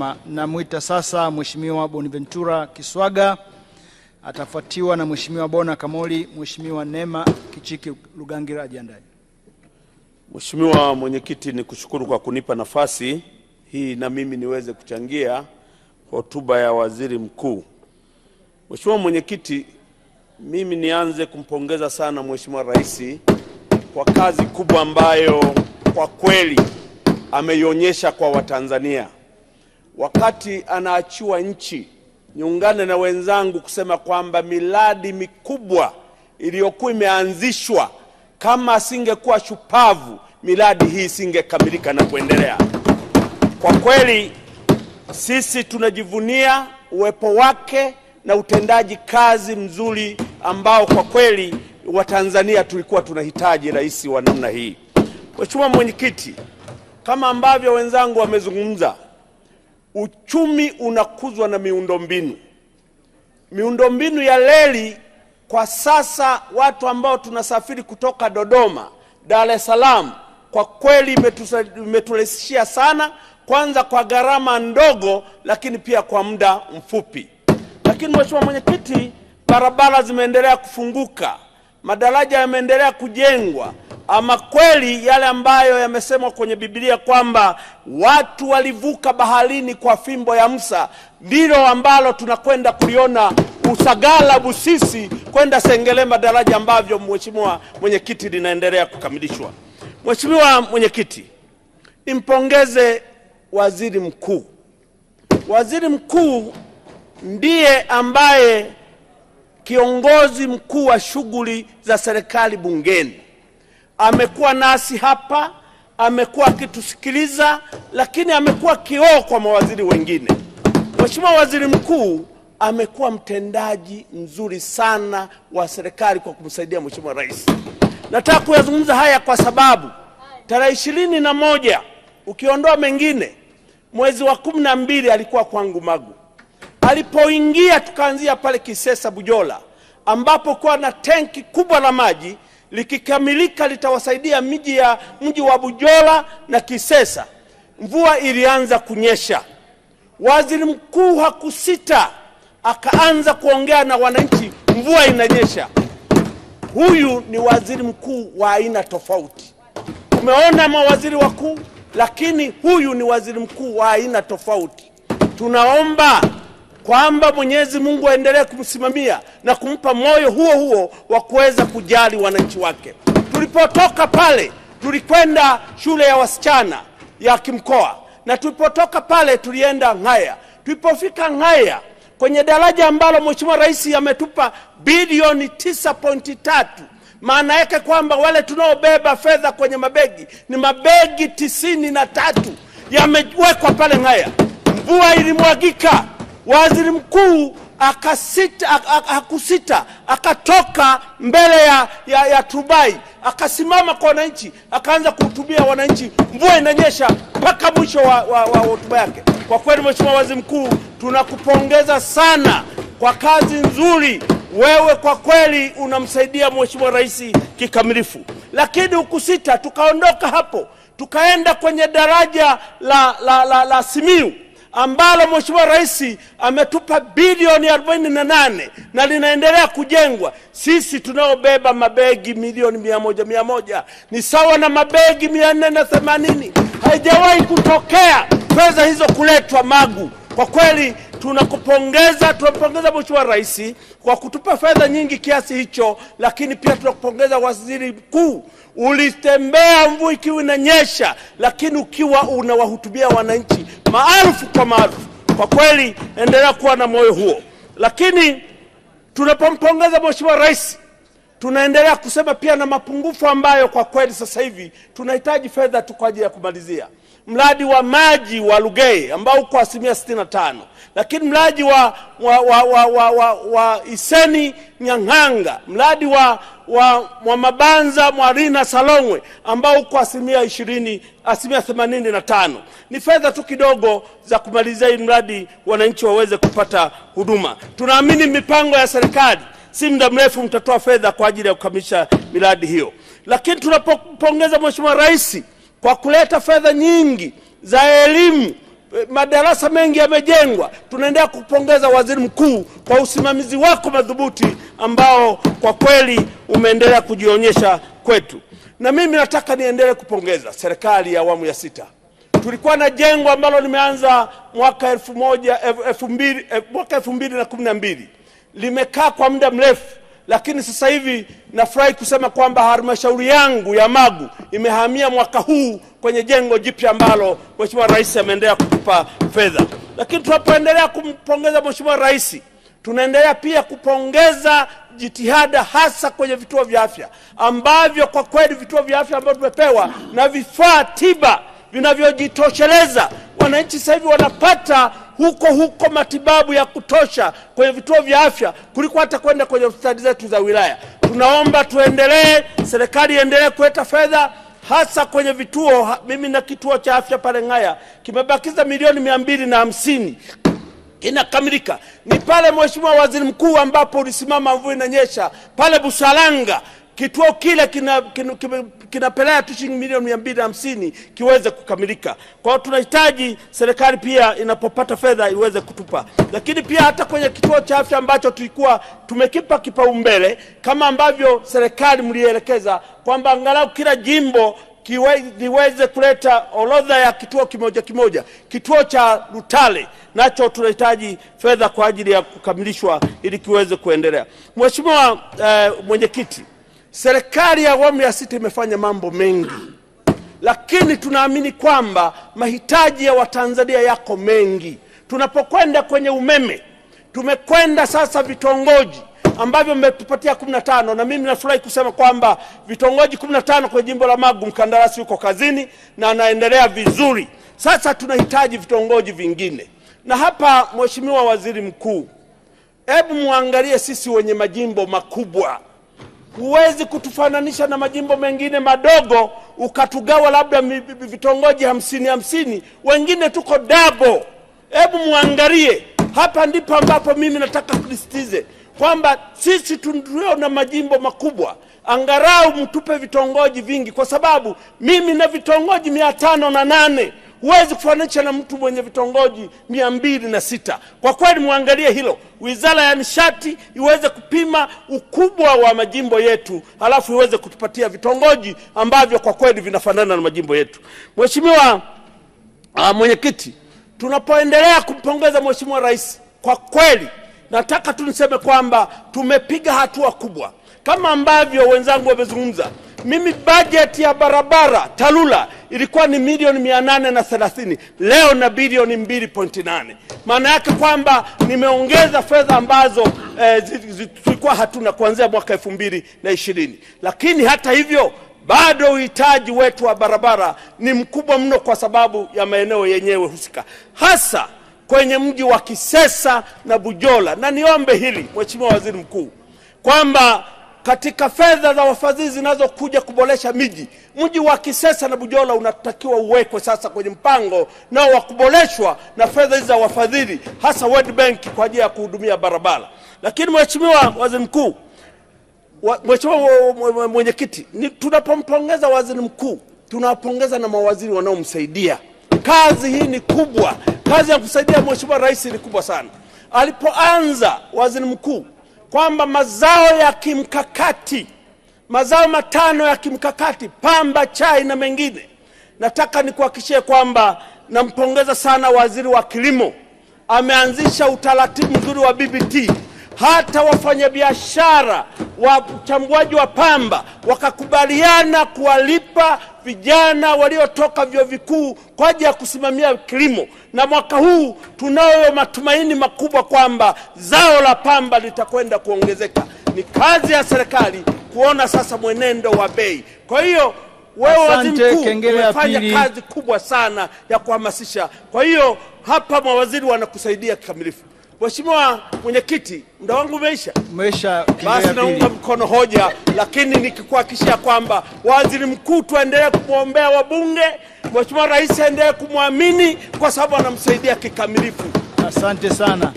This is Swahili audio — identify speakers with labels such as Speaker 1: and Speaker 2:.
Speaker 1: Chadema. Namwita sasa Mheshimiwa Bonaventura Kiswaga, atafuatiwa na Mheshimiwa Bona Kamoli. Mheshimiwa Neema Kichiki Lugangira ajiandae.
Speaker 2: Mheshimiwa Mwenyekiti, ni kushukuru kwa kunipa nafasi hii na mimi niweze kuchangia hotuba ya Waziri Mkuu. Mheshimiwa Mwenyekiti, mimi nianze kumpongeza sana Mheshimiwa Rais kwa kazi kubwa ambayo kwa kweli ameionyesha kwa Watanzania wakati anaachiwa nchi, niungane na wenzangu kusema kwamba miradi mikubwa iliyokuwa imeanzishwa, kama asingekuwa shupavu, miradi hii isingekamilika na kuendelea. Kwa kweli sisi tunajivunia uwepo wake na utendaji kazi mzuri ambao kwa kweli Watanzania tulikuwa tunahitaji rais wa namna hii. Mheshimiwa Mwenyekiti, kama ambavyo wenzangu wamezungumza uchumi unakuzwa na miundombinu. Miundombinu ya reli kwa sasa, watu ambao tunasafiri kutoka Dodoma, Dar es Salaam, kwa kweli imeturahisishia sana, kwanza kwa gharama ndogo, lakini pia kwa muda mfupi. Lakini Mheshimiwa Mwenyekiti, barabara zimeendelea kufunguka, madaraja yameendelea kujengwa ama kweli yale ambayo yamesemwa kwenye Biblia kwamba watu walivuka baharini kwa fimbo ya Musa, ndilo ambalo tunakwenda kuliona Usagara Busisi kwenda Sengerema, daraja ambavyo mheshimiwa mwenyekiti linaendelea kukamilishwa. Mheshimiwa mwenyekiti, nimpongeze waziri mkuu. Waziri mkuu ndiye ambaye kiongozi mkuu wa shughuli za serikali bungeni amekuwa nasi hapa, amekuwa akitusikiliza, lakini amekuwa kioo kwa mawaziri wengine. Mheshimiwa Waziri Mkuu amekuwa mtendaji mzuri sana wa serikali kwa kumsaidia Mheshimiwa Rais. Nataka kuyazungumza haya kwa sababu tarehe ishirini na moja ukiondoa mengine, mwezi wa kumi na mbili alikuwa kwangu Magu. Alipoingia tukaanzia pale Kisesa Bujola, ambapo kuwa na tenki kubwa la maji likikamilika litawasaidia miji ya mji wa Bujola na Kisesa. Mvua ilianza kunyesha, waziri mkuu hakusita, akaanza kuongea na wananchi, mvua inanyesha. Huyu ni waziri mkuu wa aina tofauti. Tumeona mawaziri wakuu, lakini huyu ni waziri mkuu wa aina tofauti. Tunaomba kwamba Mwenyezi Mungu aendelee kumsimamia na kumpa moyo huo huo wa kuweza kujali wananchi wake. Tulipotoka pale tulikwenda shule ya wasichana ya kimkoa, na tulipotoka pale tulienda Ng'haya. Tulipofika Ng'haya kwenye daraja ambalo Mheshimiwa Rais ametupa bilioni 9.3 maana yake kwamba wale tunaobeba fedha kwenye mabegi ni mabegi tisini na tatu yamewekwa pale Ng'haya. Mvua ilimwagika waziri mkuu akasita, hakusita akatoka mbele ya, ya, ya Tubai akasimama kwa wananchi akaanza kuhutubia wananchi, mvua inanyesha mpaka mwisho wa, wa, wa hotuba yake. Kwa kweli, Mheshimiwa Waziri Mkuu, tunakupongeza sana kwa kazi nzuri. Wewe kwa kweli unamsaidia Mheshimiwa Rais kikamilifu, lakini ukusita, tukaondoka hapo tukaenda kwenye daraja la, la, la, la Simiu ambalo Mheshimiwa Rais ametupa bilioni 48 na linaendelea kujengwa. Sisi tunaobeba mabegi milioni mia moja mia moja ni sawa na mabegi mia nne na themanini. Haijawahi kutokea fedha hizo kuletwa Magu. Kwa kweli tunakupongeza, tunampongeza Mheshimiwa Rais kwa kutupa fedha nyingi kiasi hicho, lakini pia tunakupongeza Waziri Mkuu, ulitembea mvua ikiwa inanyesha, lakini ukiwa unawahutubia wananchi maarufu kwa maarufu. Kwa kweli, endelea kuwa na moyo huo. Lakini tunapompongeza Mheshimiwa Rais tunaendelea kusema pia na mapungufu ambayo kwa kweli sasa hivi tunahitaji fedha tu kwa ajili ya kumalizia mradi wa maji wa Lugeye ambao uko asilimia 65, lakini mradi wa, wa, wa, wa, wa, wa, wa Iseni nyanganga mradi wa, wa, wa Mabanza Mwarina Salongwe ambao uko asilimia 20, asilimia tano Ni fedha tu kidogo za kumalizia hii mradi, wananchi waweze kupata huduma. Tunaamini mipango ya serikali si muda mrefu mtatoa fedha kwa ajili ya kukamilisha miradi hiyo, lakini tunapongeza Mheshimiwa Rais kwa kuleta fedha nyingi za elimu, eh, madarasa mengi yamejengwa. Tunaendelea kupongeza waziri mkuu kwa usimamizi wako madhubuti ambao kwa kweli umeendelea kujionyesha kwetu, na mimi nataka niendelee kupongeza serikali ya awamu ya sita. Tulikuwa na jengo ambalo limeanza mwaka elfu moja elfu mbili eh, elfu mbili na kumi na mbili limekaa kwa muda mrefu lakini sasa hivi nafurahi kusema kwamba halmashauri yangu ya Magu imehamia mwaka huu kwenye jengo jipya ambalo Mheshimiwa Rais ameendelea kutupa fedha. Lakini tunapoendelea kumpongeza Mheshimiwa Rais, tunaendelea pia kupongeza jitihada hasa kwenye vituo vya afya ambavyo kwa kweli vituo vya afya ambavyo tumepewa na vifaa tiba vinavyojitosheleza, wananchi sasa hivi wanapata huko huko matibabu ya kutosha kwenye vituo vya afya kuliko hata kwenda kwenye hospitali zetu za wilaya. Tunaomba tuendelee, serikali iendelee kuleta fedha hasa kwenye vituo mimi na kituo cha afya pale ngaya kimebakiza milioni mia mbili na hamsini inakamilika. Ni pale Mheshimiwa Waziri Mkuu ambapo ulisimama mvua inanyesha pale Busalanga Kituo kile kinapelea kina, kina, kina tu shilingi milioni mia mbili kiweze kukamilika. Kwa hiyo tunahitaji serikali pia inapopata fedha iweze kutupa, lakini pia hata kwenye kituo cha afya ambacho tulikuwa tumekipa kipaumbele kama ambavyo serikali mlielekeza kwamba angalau kila jimbo liweze kuleta orodha ya kituo kimoja kimoja. Kituo cha Rutale nacho tunahitaji fedha kwa ajili ya kukamilishwa ili kiweze kuendelea. Mheshimiwa eh, Mwenyekiti. Serikali ya awamu ya sita imefanya mambo mengi, lakini tunaamini kwamba mahitaji ya Watanzania yako mengi. Tunapokwenda kwenye umeme, tumekwenda sasa vitongoji ambavyo mmetupatia 15 na mimi nafurahi kusema kwamba vitongoji 15 kwenye jimbo la Magu mkandarasi yuko kazini na anaendelea vizuri. Sasa tunahitaji vitongoji vingine, na hapa, Mheshimiwa Waziri Mkuu, hebu muangalie sisi wenye majimbo makubwa Huwezi kutufananisha na majimbo mengine madogo ukatugawa labda vitongoji hamsini hamsini, wengine tuko dabo. Hebu muangalie hapa, ndipo ambapo mimi nataka kusisitize kwamba sisi tulio na majimbo makubwa angarau mtupe vitongoji vingi, kwa sababu mimi na vitongoji mia tano na nane huwezi kufananisha na mtu mwenye vitongoji mia mbili na sita. Kwa kweli mwangalie hilo, wizara ya nishati iweze kupima ukubwa wa majimbo yetu, halafu iweze kutupatia vitongoji ambavyo kwa kweli vinafanana na majimbo yetu. Mheshimiwa uh, mwenyekiti, tunapoendelea kumpongeza Mheshimiwa Rais, kwa kweli nataka tu niseme kwamba tumepiga hatua kubwa kama ambavyo wenzangu wamezungumza. Mimi bajeti ya barabara TARURA ilikuwa ni milioni mia nane na thelathini, leo na bilioni mbili pointi nane. Maana yake kwamba nimeongeza fedha ambazo eh, zilikuwa hatuna kuanzia mwaka elfu mbili na ishirini, lakini hata hivyo bado uhitaji wetu wa barabara ni mkubwa mno kwa sababu ya maeneo yenyewe husika hasa kwenye mji wa Kisesa na Bujola, na niombe hili Mheshimiwa Waziri Mkuu kwamba katika fedha za wafadhili zinazokuja kuboresha miji, mji wa Kisesa na Bujola unatakiwa uwekwe sasa kwenye mpango nao wa kuboreshwa na fedha hizi za wafadhili, hasa World Bank kwa ajili ya kuhudumia barabara. Lakini mheshimiwa waziri mkuu, mheshimiwa mwenyekiti, tunapompongeza waziri mkuu tunawapongeza na mawaziri wanaomsaidia. Kazi hii ni kubwa, kazi ya kusaidia mheshimiwa rais ni kubwa sana. Alipoanza waziri mkuu kwamba mazao ya kimkakati, mazao matano ya kimkakati, pamba, chai na mengine, nataka nikuhakikishie kwamba nampongeza sana waziri wa kilimo, ameanzisha utaratibu mzuri wa BBT hata wafanyabiashara wa uchambuaji wa pamba wakakubaliana kuwalipa vijana waliotoka vyuo vikuu kwa ajili ya kusimamia kilimo, na mwaka huu tunayo matumaini makubwa kwamba zao la pamba litakwenda kuongezeka. Ni kazi ya serikali kuona sasa mwenendo wa bei. Kwa hiyo wewe waziri mkuu umefanya kazi kubwa sana ya kuhamasisha. Kwa hiyo hapa mawaziri wanakusaidia kikamilifu. Mheshimiwa Mwenyekiti, muda wangu umeisha. Umeisha. Basi naunga mkono hoja, lakini nikikuhakikishia kwamba waziri mkuu tuendelee kumwombea wabunge, Mheshimiwa Rais aendelee kumwamini kwa sababu anamsaidia kikamilifu.
Speaker 1: Asante sana.